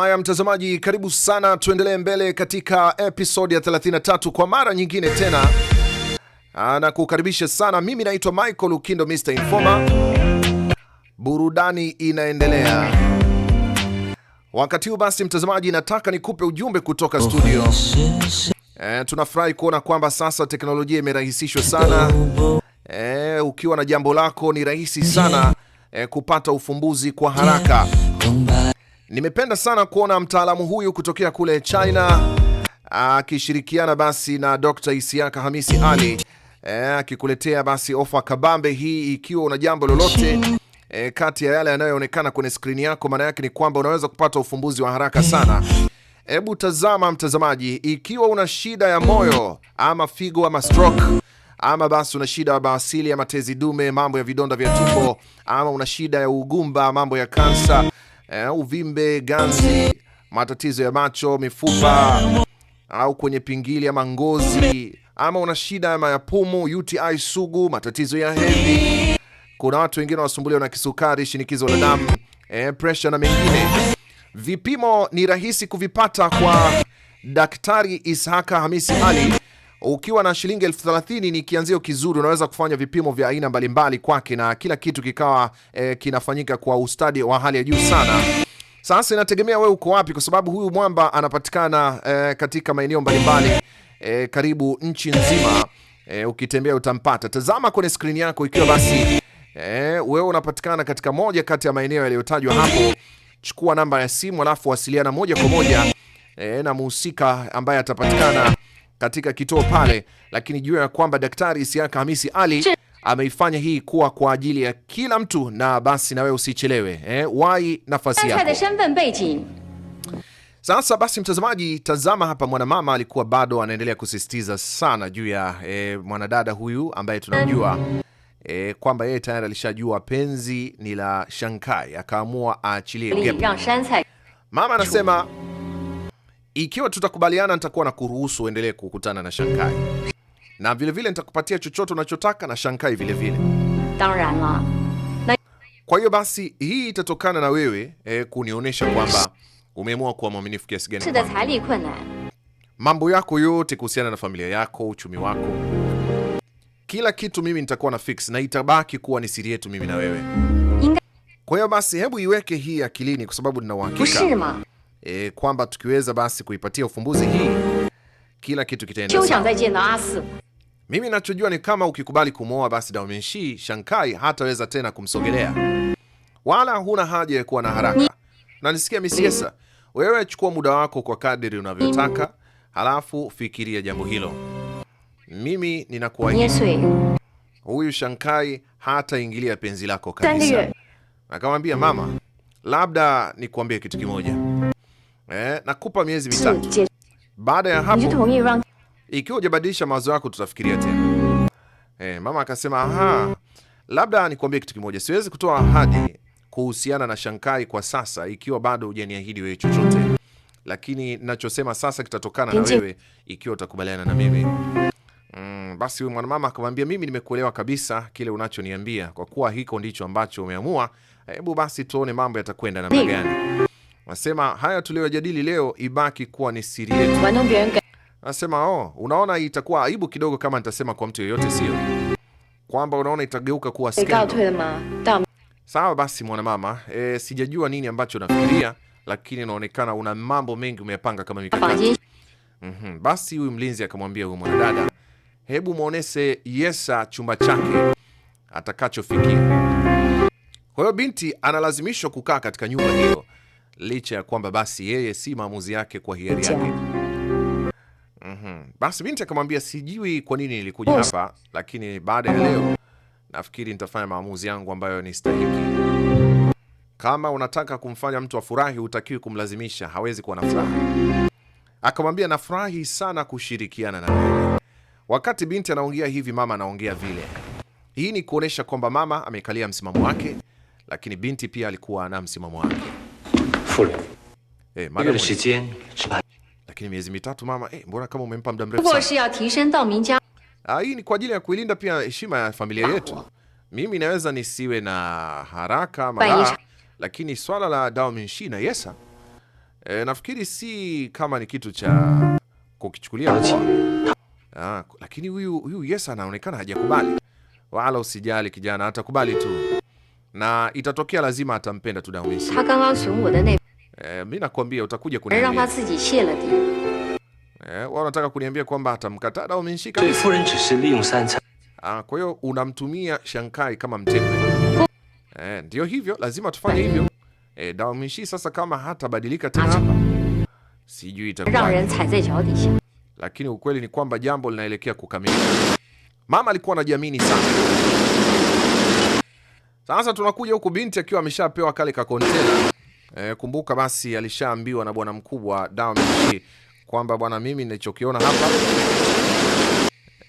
Haya mtazamaji, karibu sana, tuendelee mbele katika episodi ya 33 kwa mara nyingine tena, ah, na kukaribisha sana. Mimi naitwa Michael Ukindo, Mr Informa. Burudani inaendelea wakati huu. Basi mtazamaji, nataka nikupe ujumbe kutoka studio. E, tunafurahi kuona kwamba sasa teknolojia imerahisishwa sana. E, ukiwa na jambo lako ni rahisi sana e, kupata ufumbuzi kwa haraka Nimependa sana kuona mtaalamu huyu kutokea kule China akishirikiana basi na Dr. Isiaka Hamisi Ali eh, akikuletea e, basi ofa kabambe hii. Ikiwa una jambo lolote e, kati ya yale yanayoonekana kwenye skrini yako, maana yake ni kwamba unaweza kupata ufumbuzi wa haraka sana. Hebu tazama mtazamaji, ikiwa una shida ya moyo ama figo ama stroke ama basi una shida ya bawasili ama tezi dume, mambo ya vidonda vya tumbo, ama una shida ya ugumba, mambo ya kansa eh, uvimbe, ganzi, matatizo ya macho, mifupa au kwenye pingili ama ngozi, ama una shida ama ya pumu, UTI sugu, matatizo ya hedhi. Kuna watu wengine wanasumbuliwa na kisukari, shinikizo la damu, eh, pressure na mengine. Vipimo ni rahisi kuvipata kwa Daktari Ishaka Hamisi Ali ukiwa na shilingi elfu thelathini ni kianzio kizuri, unaweza kufanya vipimo vya aina mbalimbali kwake na kila kitu kikawa eh, kinafanyika kwa ustadi wa hali ya juu sana. Sasa inategemea wewe uko wapi, kwa sababu huyu mwamba anapatikana eh, katika maeneo mbalimbali eh, karibu nchi nzima e, ukitembea utampata. Tazama kwenye skrini yako ikiwa basi e, wewe unapatikana katika moja kati ya maeneo yaliyotajwa hapo, chukua namba ya simu alafu wasiliana moja kwa moja e, na muhusika ambaye atapatikana katika kituo pale, lakini jua ya kwamba Daktari Isiaka Hamisi Ali ameifanya hii kuwa kwa ajili ya kila mtu, na basi na wewe usichelewe eh, wai nafasi yako. Sasa basi, mtazamaji, tazama hapa, mwanamama alikuwa bado anaendelea kusisitiza sana juu ya eh, mwanadada huyu ambaye tunamjua E, kwamba yeye tayari alishajua penzi ni la shankai akaamua aachilie Mama anasema ikiwa tutakubaliana, nitakuwa na kuruhusu uendelee kukutana na Shankai na vilevile nitakupatia chochote unachotaka na Shankai vilevile. Kwa hiyo basi hii itatokana na wewe eh, kunionyesha kwamba umeamua kuwa mwaminifu kiasi gani. Mambo yako yote kuhusiana na familia yako, uchumi wako, kila kitu mimi nitakuwa na fix na itabaki kuwa ni siri yetu mimi na wewe. Kwa hiyo basi hebu iweke hii akilini kwa sababu nina uhakika e, kwamba tukiweza basi kuipatia ufumbuzi hii kila kitu kitaenda sawa. Mimi nachojua ni kama ukikubali kumwoa basi Daomenshi Shankai hataweza tena kumsogelea, wala huna haja ya kuwa na haraka. Na Misiesa, wewe chukua muda wako kwa kadiri unavyotaka, halafu fikiria jambo hilo. Mimi ninakuahidi eh. huyu Shankai hataingilia penzi lako kabisa. Akamwambia mama, labda nikuambie kitu kimoja eh, nakupa miezi mitatu. Baada ya hapo, ikiwa hujabadilisha mawazo yako, tutafikiria tena. Eh, mama akasema aha, labda nikuambie kitu kimoja, siwezi kutoa ahadi kuhusiana na Shankai kwa sasa, ikiwa bado hujaniahidi wewe chochote, lakini nachosema sasa kitatokana na wewe ikiwa utakubaliana na mimi. Mm, basi huyu mwanamama akamwambia, mimi nimekuelewa kabisa kile unachoniambia, kwa kuwa hiko ndicho ambacho umeamua, hebu basi tuone mambo yatakwenda namna gani. Wanasema haya tuliyojadili leo ibaki kuwa ni siri yetu. Anasema oh, unaona itakuwa aibu kidogo kama nitasema kwa mtu yoyote, sio kwamba unaona itageuka kuwa scandal. Sawa basi mwanamama, e, sijajua nini ambacho unafikiria, lakini inaonekana una mambo mengi umeyapanga kama mikakati. Mm -hmm. Basi huyu mlinzi akamwambia huyu mwanadada, hebu mwonese Yesa chumba chake atakachofikia. Kwa hiyo binti analazimishwa kukaa katika nyumba hiyo licha ya kwamba basi yeye si maamuzi yake kwa hiari yake. Mm -hmm. Basi binti akamwambia sijui kwa nini nilikuja hapa, lakini baada ya leo nafikiri nitafanya maamuzi yangu ambayo ni stahiki. Kama unataka kumfanya mtu afurahi, hutakiwi kumlazimisha, hawezi kuwa na furaha. Akamwambia nafurahi sana kushirikiana na wewe. Wakati binti anaongea hivi, mama anaongea vile. Hii ni kuonesha kwamba mama amekalia msimamo wake, lakini binti pia alikuwa na msimamo wake. Fulu. Eh, madam, lakini miezi mitatu mama, eh, mbona kama umempa muda mrefu sana? Ah, hii ni kwa ajili ya kuilinda pia heshima ya familia yetu. Mimi naweza nisiwe na haraka ama la, lakini swala la Dao Minshi na Yesa eh, nafikiri si kama ni kitu cha kukichukulia kwa. Ah, lakini huyu huyu Yesa anaonekana hajakubali. Wala usijali kijana, atakubali tu na itatokea lazima atampenda tu Dao Daominshi. Eh, mimi nakwambia utakuja kuniambia. Eh, wao wanataka kuniambia kwamba atamkataa au amenishika. Ah, kwa hiyo unamtumia Shankai kama mtepe. Eh, ndio hivyo, lazima tufanye hivyo. Eh, Dao Minshi sasa kama hatabadilika tena hapa. Sijui itakuwa. Lakini ukweli ni kwamba jambo linaelekea kukamilika. Mama alikuwa anajiamini sana. Sasa tunakuja huku binti akiwa ameshapewa kale ka kontena. E, kumbuka basi alishaambiwa na bwana mkubwa Diamond kwamba bwana, mimi nilichokiona hapa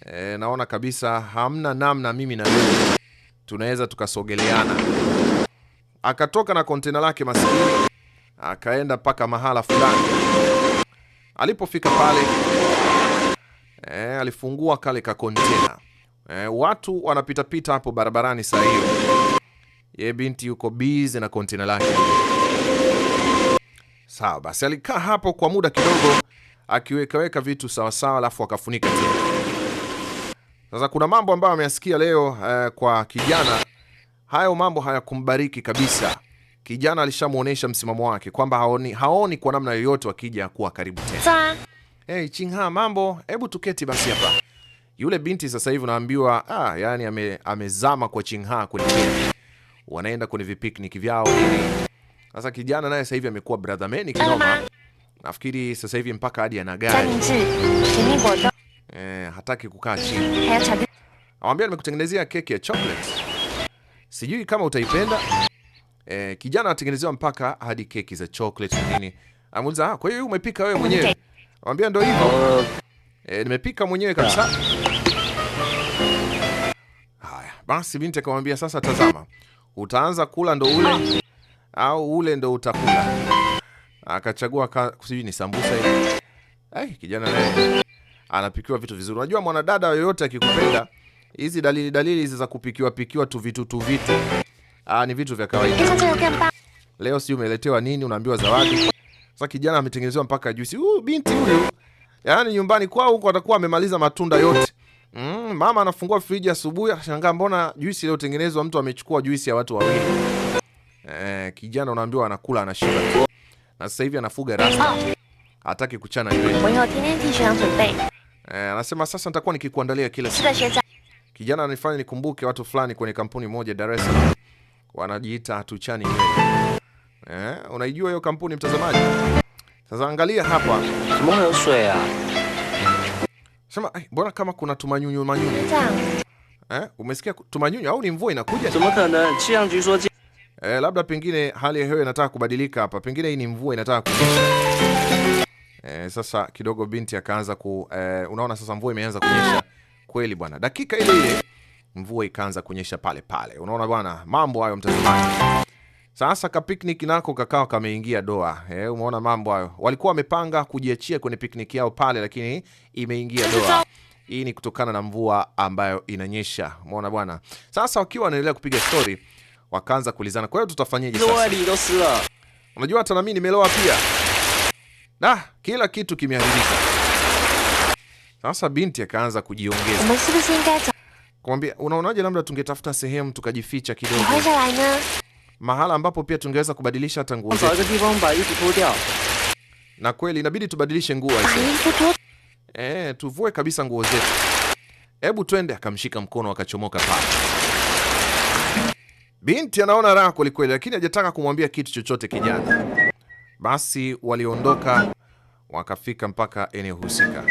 e, naona kabisa hamna namna mimi na wewe tunaweza tukasogeleana. Akatoka na kontena lake maskini akaenda mpaka mahala fulani. Alipofika pale e, alifungua kale ka kontena e, watu wanapitapita hapo barabarani saa hiyo. Ye binti yuko busy na kontena lake. Sawa basi, alikaa hapo kwa muda kidogo akiwekaweka vitu sawasawa, alafu akafunika tena. Sasa kuna mambo ambayo ameyasikia leo eh, kwa kijana. Hayo mambo hayakumbariki kabisa. Kijana alishamuonesha msimamo wake kwamba haoni, haoni kwa namna yoyote wakija kuwa karibu tena. Hey, Chingha, mambo, hebu tuketi basi hapa. Yule binti sasa hivi unaambiwa ah, yani ame, amezama kwa Chingha kwenye wanaenda kwenye vipikniki vyao nini sasa kijana naye sasa hivi amekuwa brother man kinoma. Nafikiri sasa hivi mpaka hadi ana gari. Eh, hataki kukaa chini. Amwambia nimekutengenezea keki ya chocolate. Sijui kama utaipenda. Eh, kijana anatengenezewa mpaka hadi keki za chocolate nini. Amuuliza, ah, kwa hiyo umepika wewe mwenyewe?" Amwambia ndio hivyo. Eh, nimepika mwenyewe kabisa. Haya, basi binti akamwambia sasa, tazama. Utaanza kula ndo ule ah au ule ndo utakula. Akachagua ka, sijui ni sambusa hii. Ai, eh, kijana naye anapikiwa vitu vizuri. Unajua mwanadada yoyote akikupenda, hizi dalili dalili hizi za kupikiwa pikiwa tu vitu tu vitu ah, ni vitu vya kawaida. Leo si umeletewa nini, unaambiwa zawadi. Sasa kijana ametengenezewa mpaka juisi. Huyu binti huyu, yaani nyumbani kwao huko atakuwa amemaliza matunda yote. Mm, mama anafungua friji asubuhi, ashangaa mbona juisi iliyotengenezwa mtu amechukua juisi ya watu wawili. Eh, kijana unaambiwa anakula anashiba. Na sasa hivi anafuga rasta. Ah. Hataki kuchana nywele. Eh, anasema sasa nitakuwa nikikuandalia kila siku. Kijana anifanya nikumbuke watu fulani kwenye kampuni moja Dar es Salaam. Wanajiita hatuchani nywele. Eh, unaijua hiyo kampuni mtazamaji? Sasa angalia hapa. Sema, mbona kama kuna tumanyunyu manyunyu? Eh, umesikia tumanyunyu au ni mvua inakuja? E, labda pengine hali ya hewa inataka kubadilika hapa, pengine hii ni mvua inataka ku... E, sasa kidogo binti akaanza ku e, unaona sasa mvua imeanza kunyesha kweli bwana, dakika ile ile mvua ikaanza kunyesha pale pale. Unaona bwana, mambo hayo mtazamaji. Sasa ka picnic nako kakao kameingia doa. Eh, umeona mambo hayo. Walikuwa wamepanga kujiachia kwenye picnic yao pale, lakini imeingia doa. Hii ni kutokana na mvua ambayo inanyesha. Umeona bwana. Sasa wakiwa wanaendelea kupiga story wakaanza kulizana. Kwa hiyo tutafanyaje sasa? Unajua hata nami nimeloa pia. na kila kitu kimeharibika. Sasa binti akaanza kujiongeza. Kumwambia, unaonaje labda tungetafuta sehemu tukajificha kidogo. Mahala ambapo pia tungeweza kubadilisha hata nguo zetu. Na kweli inabidi tubadilishe nguo hizo. Eh, tuvue kabisa nguo zetu. Hebu twende, akamshika mkono akachomoka pale. Binti anaona raha kwelikweli, lakini hajataka kumwambia kitu chochote kijana. Basi waliondoka wakafika mpaka eneo husika.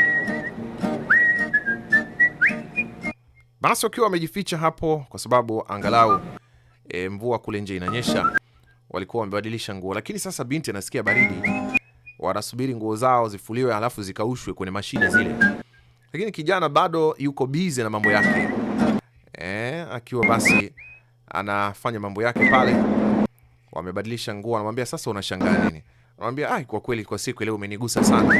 Basi wakiwa wamejificha hapo, kwa sababu angalau e, mvua kule nje inanyesha, walikuwa wamebadilisha nguo, lakini sasa binti anasikia baridi. Wanasubiri nguo zao zifuliwe, halafu zikaushwe kwenye mashine zile, lakini kijana bado yuko bize na mambo yake e, akiwa basi anafanya mambo yake pale, wamebadilisha nguo, anamwambia sasa unashangaa nini? Anamwambia ai, kwa kweli kwa siku ile umenigusa sana.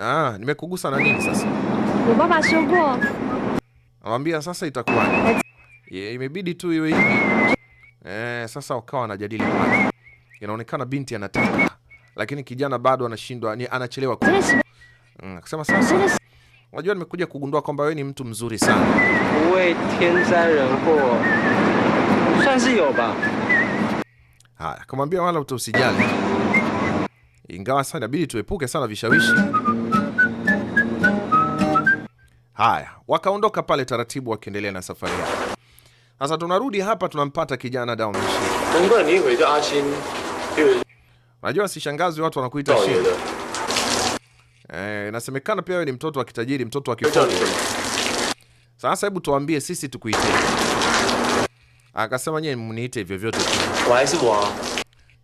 Ah, nimekugusa na nini sasa? Anamwambia sasa itakuwa Yeah, eh, imebidi tu iwe hivi. Eh, sasa wakawa wanajadili pale. Inaonekana binti anataka, lakini kijana bado anashindwa, anachelewa. Mm, akasema sasa Unajua, nimekuja kugundua kwamba wewe ni mtu mzuri sana. Haya, kamwambia wala uta usijali, ingawa sana inabidi tuepuke sana vishawishi. Haya, wakaondoka pale taratibu, wakiendelea na safari yao. Sasa tunarudi hapa, tunampata kijana Dao Mishi. Unajua, sishangazwi watu wanakuita shida Eh, inasemekana pia wewe ni mtoto wa kitajiri, mtoto wa kifalme. Sasa hebu tuambie sisi tukuite. Akasema nyewe mniite vyovyote tu.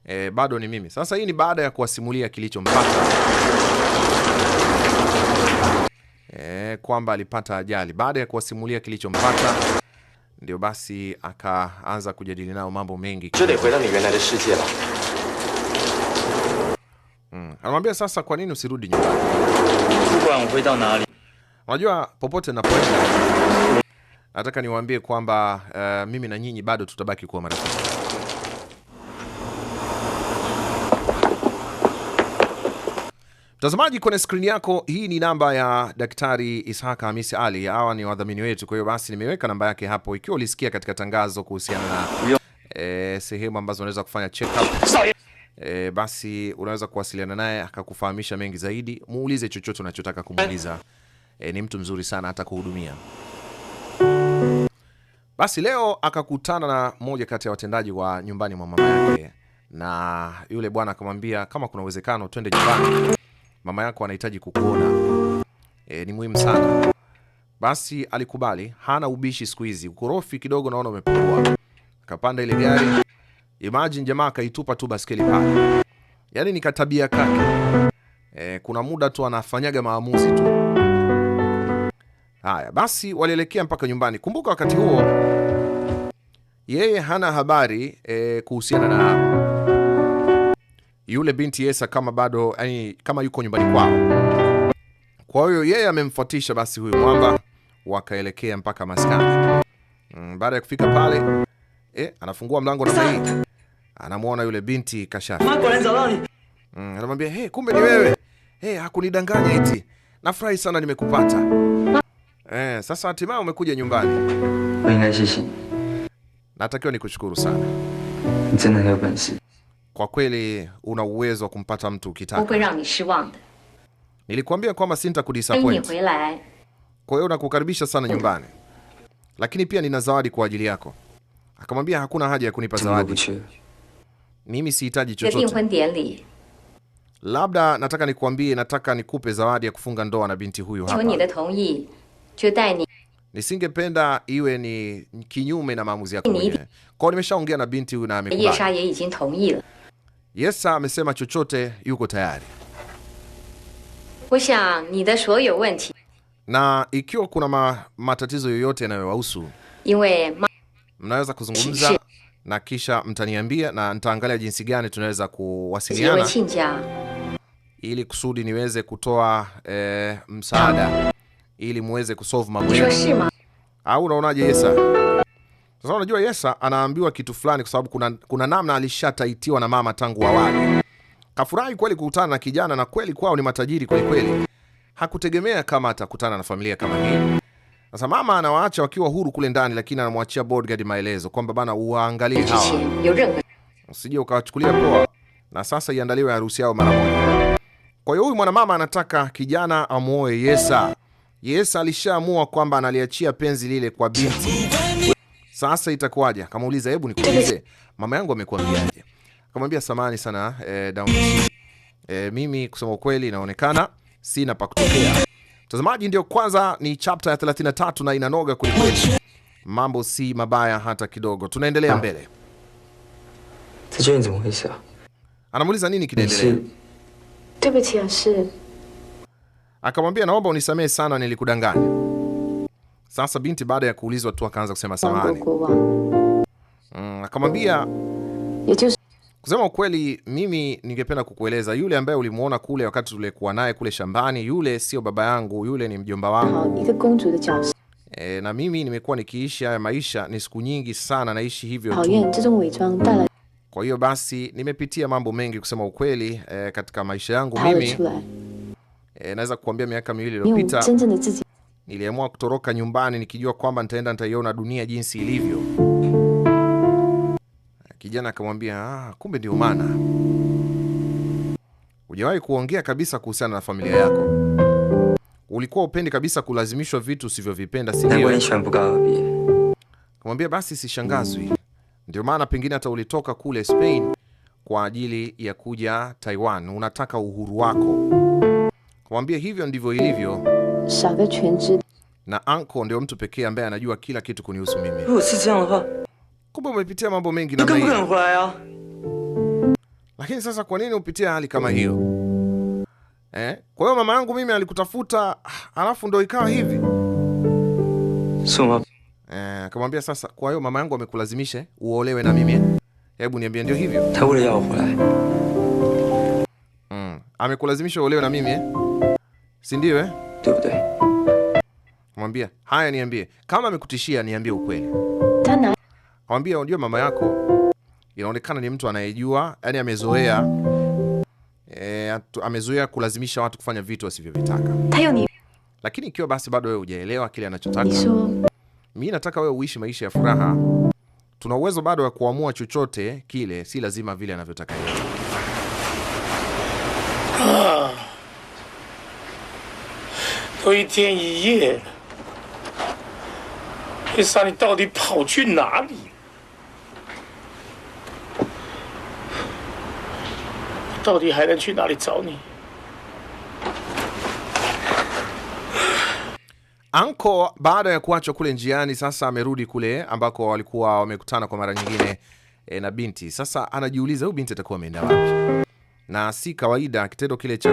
E, bado ni mimi. Sasa hii ni baada ya kuwasimulia mpaka E, eh, kwamba alipata ajali. Baada ya kuwasimulia kilicho mpaka ndio basi akaanza kujadili nao mambo mengi. Mm. Anamwambia sasa kwa nini usirudi nyumbani? Unajua popote napoenda nataka niwaambie kwamba uh, mimi na nyinyi bado tutabaki kuwa marafiki. Mtazamaji, kwenye skrini yako hii ni namba ya Daktari Ishaka Hamisi Ali. Hawa ni wadhamini wetu, kwa hiyo basi nimeweka namba yake hapo, ikiwa ulisikia katika tangazo kuhusiana na eh, sehemu ambazo unaweza kufanya check up e, basi unaweza kuwasiliana naye akakufahamisha mengi zaidi. Muulize chochote unachotaka kumuuliza. E, ni mtu mzuri sana hata kuhudumia. Basi leo akakutana na mmoja kati ya watendaji wa nyumbani mwa mama yake, na yule bwana akamwambia kama kuna uwezekano twende nyumbani, mama yako anahitaji kukuona, e, ni muhimu sana. Basi alikubali, hana ubishi siku hizi, ukorofi kidogo naona umepungua. Akapanda ile gari Imagine jamaa akaitupa tu baskeli pale, yaani ni katabia kake. E, kuna muda tu anafanyaga maamuzi tu haya. Basi walielekea mpaka nyumbani. Kumbuka wakati huo yeye hana habari e, kuhusiana na yule binti Yesa kama bado yani, kama yuko nyumbani kwao. Kwa hiyo yeye amemfuatisha basi huyu mwamba, wakaelekea mpaka maskani. Mm, baada ya kufika pale eh, anafungua mlango namna hii, anamwona yule binti kasha. Mm, anamwambia hey, kumbe ni wewe hey, hakunidanganya eti, nafurahi sana nimekupata. Eh, sasa hatimaye umekuja nyumbani, natakiwa nikushukuru sana kwa kweli, una uwezo wa kumpata mtu ukitaka. Nilikuambia kwamba sinta sintakudisappoint, eh. kwa hiyo nakukaribisha sana nyumbani, lakini pia nina zawadi kwa ajili yako akamwambia hakuna haja ya kunipa zawadi, mimi sihitaji chochote, e. labda nataka nikuambie, nataka nikupe zawadi ya kufunga ndoa na binti huyu hapa. Nisingependa iwe ni kinyume na maamuzi yako mwenyewe. Kwao nimeshaongea na binti huyu na amekubali. Yesa amesema chochote, yuko tayari. Na ikiwa kuna ma, matatizo yoyote yanayowahusu mnaweza kuzungumza na kisha mtaniambia na nitaangalia jinsi gani tunaweza kuwasiliana ili kusudi niweze kutoa e, msaada ili muweze kusolve mambo yenu. Au unaonaje Yesa? Sasa unajua Yesa anaambiwa kitu fulani kwa sababu kuna, kuna namna alishataitiwa na mama tangu awali. Kafurahi kweli kukutana na kijana na kweli kwao ni matajiri kweli kweli. Hakutegemea kama atakutana na familia kama hii. Sasa mama anawaacha wakiwa huru kule ndani, lakini anamwachia bodyguard maelezo kwamba bana, uangalie hawa usije ukawachukulia poa, na sasa iandaliwe harusi yao mara moja. Kwa hiyo huyu mwanamama anataka kijana amuoe Yesa. Yesa alishaamua kwamba analiachia penzi lile kwa binti. Sasa itakuwaje? Akamuuliza, hebu nikuulize, mama yangu amekuambiaje? Akamwambia, samani sana eh, down eh, mimi kusema ukweli inaonekana sina pa kutokea Mtazamaji, ndio kwanza ni chapta ya 33 na inanoga kwelikweli, mambo si mabaya hata kidogo. Tunaendelea ah. mbele, anamuuliza nini kinaendelea, akamwambia naomba unisamehe sana, nilikudanganya. Sasa binti baada ya kuulizwa tu akaanza kusema samahani. Mm, akamwambia Kusema ukweli, mimi ningependa kukueleza yule ambaye ulimuona kule wakati tulikuwa naye kule shambani, yule sio baba yangu, yule ni mjomba wangu. E, na mimi nimekuwa nikiishi haya maisha ni siku nyingi sana, naishi hivyo oh, tu. Kwa hiyo basi nimepitia mambo mengi kusema ukweli, e, katika maisha yangu mimi e, naweza kukuambia miaka miwili iliyopita niliamua kutoroka nyumbani nikijua kwamba nitaenda nitaiona dunia jinsi ilivyo. Kijana akamwambia ah, kumbe ndio maana hujawahi kuongea kabisa kuhusiana na familia yako. Ulikuwa upendi kabisa kulazimishwa vitu usivyovipenda, si ndio? Kamwambia basi sishangazwi, ndio maana pengine hata ulitoka kule Spain kwa ajili ya kuja Taiwan, unataka uhuru wako. Kamwambia hivyo ndivyo ilivyo, na anko ndio mtu pekee ambaye anajua kila kitu kunihusu mimi. Oh, Kumbe umepitia mambo mengi namna hiyo, lakini sasa kwa nini upitia hali kama hiyo eh? Kwa hiyo mama yangu mimi alikutafuta, alafu ndo ikawa hivi so, eh, akamwambia sasa, kwa hiyo mama yangu amekulazimisha uolewe na mimi eh? Hebu niambie, ndio hivyo mm, amekulazimisha uolewe na mimi eh? si ndio eh? Mwambia haya, niambie kama amekutishia, niambie ukweli Amwambie unajua, mama yako inaonekana ni mtu anayejua, yani amezoea e, amezoea kulazimisha watu kufanya vitu wasivyovitaka. Lakini ikiwa basi bado wewe hujaelewa kile anachotaka, mimi nataka wewe uishi maisha ya furaha. Tuna uwezo bado wa kuamua chochote kile, si lazima vile anavyotaka yeye. 到底还能去哪里找你 Anko baada ya kuachwa kule njiani, sasa amerudi kule ambako walikuwa wamekutana kwa mara nyingine e, na binti. Sasa anajiuliza huyu binti atakuwa ameenda wapi, na si kawaida kitendo kile cha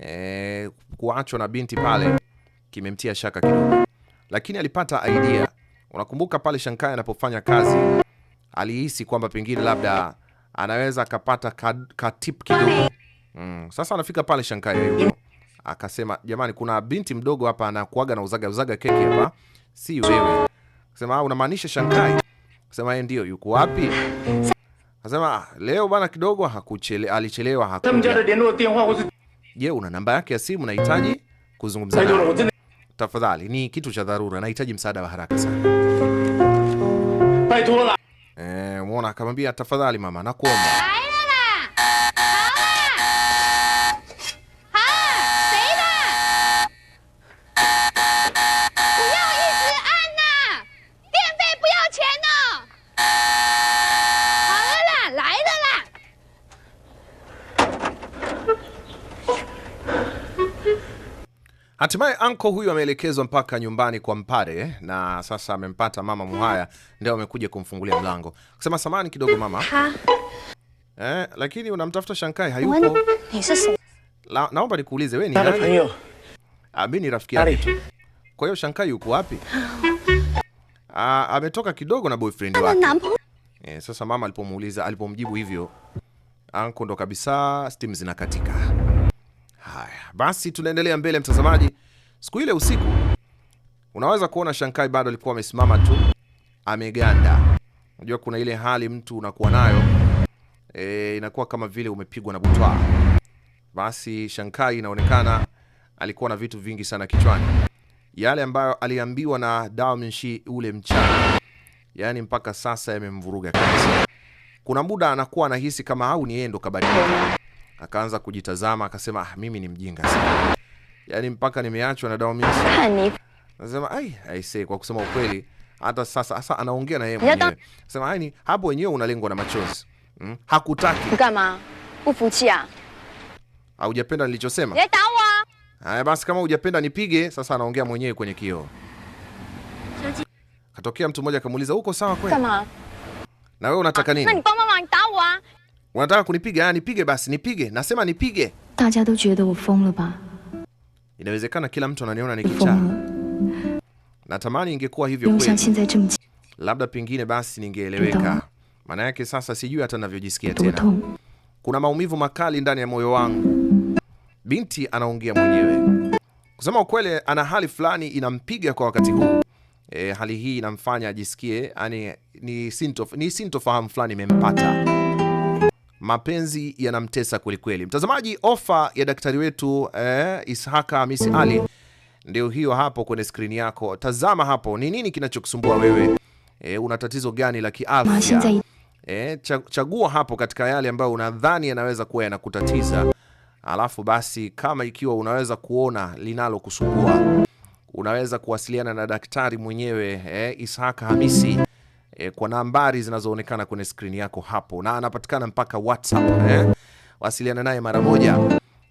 e, kuachwa na binti pale kimemtia shaka kidogo, lakini alipata idea. Unakumbuka pale Shankai anapofanya kazi alihisi kwamba pengine labda anaweza akapata katip ka kidogo mm. Sasa anafika pale Shanghai eh, huyo akasema, jamani, kuna binti mdogo hapa anakuaga na uzaga uzaga keki hapa, si wewe? Akasema ah, unamaanisha Shankai? Akasema yeye eh, ndio. Yuko wapi? Akasema ah, leo bana kidogo hakuchele, alichelewa hakuja. Je, una namba yake ya simu? Nahitaji kuzungumza naye tafadhali, ni kitu cha dharura, nahitaji msaada wa haraka sana. Ona akamwambia tafadhali mama, nakuomba anko huyu ameelekezwa mpaka nyumbani kwa mpare, na sasa amempata mama Muhaya, ndio amekuja kumfungulia mlango, kusema samani kidogo mama eh, lakini unamtafuta Shankai hayupo. La, naomba nikuulize wewe ni nani? Ah, mimi ni rafiki yake tu. Kwa hiyo Shankai yuko wapi? Ah, ametoka kidogo na boyfriend wake. Eh, sasa mama alipomuuliza alipomjibu hivyo anko ndo kabisa, stimu zinakatika. Haya basi, tunaendelea mbele mtazamaji. Siku ile usiku, unaweza kuona Shankai bado alikuwa amesimama tu ameganda. Unajua kuna ile hali mtu unakuwa nayo e, inakuwa kama vile umepigwa na butwa. Basi Shankai inaonekana alikuwa na vitu vingi sana kichwani, yale ambayo aliambiwa na Dao ule mchana, yaani mpaka sasa yamemvuruga kabisa. Kuna muda anakuwa anahisi kama au ni yeye ndo kabadilika, akaanza kujitazama, akasema ah, mimi ni mjinga sana yani mpaka nimeachwa na Dawmis. Yaani. Nasema ai, aisee, kwa kusema ukweli hata sasa sasa anaongea na yeye yaani mwenyewe. Nasema ai, yaani, hapo wenyewe unalengwa na machozi. Hmm? Hakutaki. Kama ufuchia. Haujapenda nilichosema? Haya basi kama hujapenda nipige, sasa anaongea mwenyewe kwenye kioo. Katokea mtu mmoja akamuuliza uko sawa kweli? na wewe unataka nini? Unataka kunipiga? nipige basi, nipige. Nasema nipige. Inawezekana kila mtu ananiona ni kichaa. Natamani ingekuwa hivyo kweli. Labda pengine basi ningeeleweka. Maana yake sasa sijui hata ninavyojisikia tena. Kuna maumivu makali ndani ya moyo wangu. Binti anaongea mwenyewe. Kusema ukweli, ana hali fulani inampiga kwa wakati huu. E, hali hii inamfanya ajisikie yani ni sintofahamu fulani imempata mapenzi yanamtesa kwelikweli. Mtazamaji, ofa ya daktari wetu eh, Ishaka Hamisi Ali ndio hiyo hapo kwenye skrini yako. Tazama hapo, ni nini kinachokusumbua wewe? E, una tatizo gani la kiafya? E, chagua hapo katika yale ambayo unadhani yanaweza kuwa yanakutatiza, alafu basi, kama ikiwa unaweza kuona linalokusumbua, unaweza kuwasiliana na daktari mwenyewe eh, Ishaka Hamisi eh, kwa nambari zinazoonekana kwenye skrini yako hapo, na anapatikana mpaka WhatsApp eh. Wasiliana naye mara moja.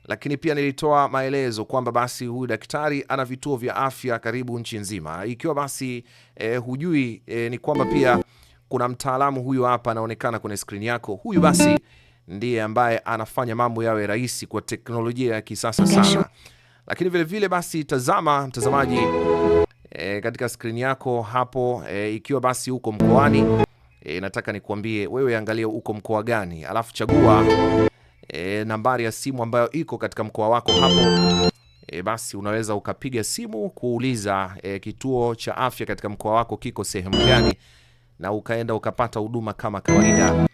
Lakini pia nilitoa maelezo kwamba basi huyu daktari ana vituo vya afya karibu nchi nzima. Ikiwa basi eh, hujui eh, ni kwamba pia kuna mtaalamu huyu hapa anaonekana kwenye skrini yako. Huyu basi ndiye ambaye anafanya mambo yawe rahisi kwa teknolojia ya kisasa sana. Lakini vile vile basi, tazama mtazamaji e, katika skrini yako hapo e, ikiwa basi uko mkoani e, nataka nikuambie wewe, angalia uko mkoa gani, alafu chagua e, nambari ya simu ambayo iko katika mkoa wako hapo. E, basi unaweza ukapiga simu kuuliza e, kituo cha afya katika mkoa wako kiko sehemu gani, na ukaenda ukapata huduma kama kawaida.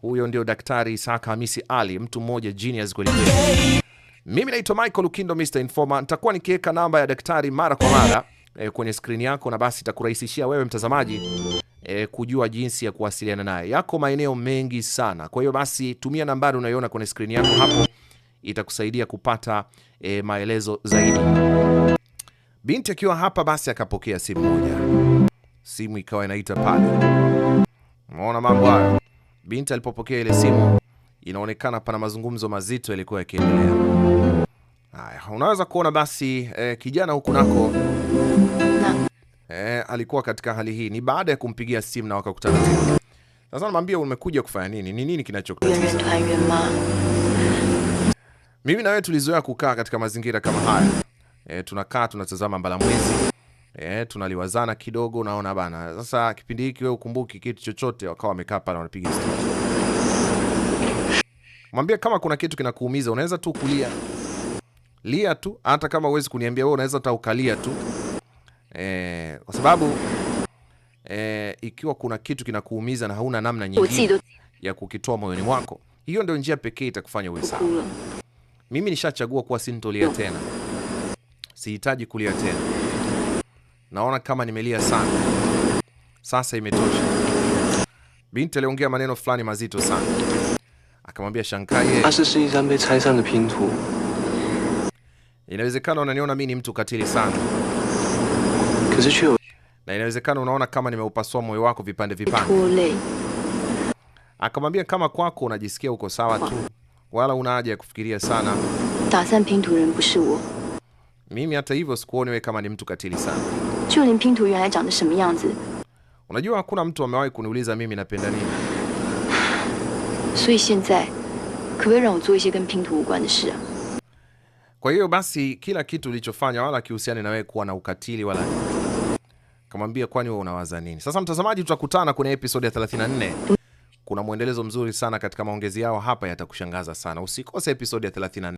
Huyo ndio Daktari Isaka Hamisi Ali, mtu mmoja genius kweli kweli. Mimi naitwa Michael Lukindo, Mr Informer. Nitakuwa nikiweka namba ya daktari mara kwa mara e, kwenye skrini yako, na basi itakurahisishia wewe mtazamaji e, kujua jinsi ya kuwasiliana naye. Yako maeneo mengi sana, kwa hiyo basi tumia nambari unayoona kwenye skrini yako hapo, itakusaidia kupata e, maelezo zaidi. Binti akiwa hapa, basi akapokea simu moja, simu ikawa inaita pale. Unaona mambo hayo. Binti alipopokea ile simu, inaonekana pana mazungumzo mazito yalikuwa yakiendelea. Haya, unaweza kuona basi e, kijana huku nako eh, alikuwa katika hali hii, ni baada ya kumpigia simu na wakakutana tena. Sasa namwambia umekuja kufanya nini? Ni nini kinachokutatiza? Mimi na wewe tulizoea kukaa katika mazingira kama haya eh, tunakaa tunatazama mbalamwezi eh, tunaliwazana kidogo, unaona bana. Sasa kipindi hiki wewe ukumbuki kitu chochote, wakawa wamekaa pale wanapiga stori. Mwambie kama kuna kitu kinakuumiza, unaweza tu kulia lia tu, hata kama huwezi kuniambia wewe, unaweza hata ukalia tu eh, kwa sababu eh, ikiwa kuna kitu kinakuumiza na hauna namna nyingine ya kukitoa moyoni mwako, hiyo ndio njia pekee itakufanya uwe sawa. Mimi nishachagua kuwa sintolia tena, sihitaji kulia tena. Naona kama nimelia sana, sasa imetosha. Binti aliongea maneno fulani mazito sana, akamwambia Shankaye, ah, inawezekana unaniona mi ni mtu katili sana na inawezekana unaona kama nimeupasua moyo wako vipande vipande. Akamwambia kama kwako unajisikia uko sawa tu, wala una haja ya kufikiria sana. Mimi hata hivyo sikuoni wewe kama ni mtu katili sana. Unajua hakuna mtu amewahi kuniuliza mimi napenda nini. Kwa hiyo basi kila kitu ulichofanya wala kihusiani na wewe kuwa na ukatili wala nini. Kamwambia, kwani wewe unawaza nini? Sasa mtazamaji, tutakutana kwenye episode ya 34. Kuna mwendelezo mzuri sana katika maongezi yao hapa, yatakushangaza sana. Usikose episode ya 34.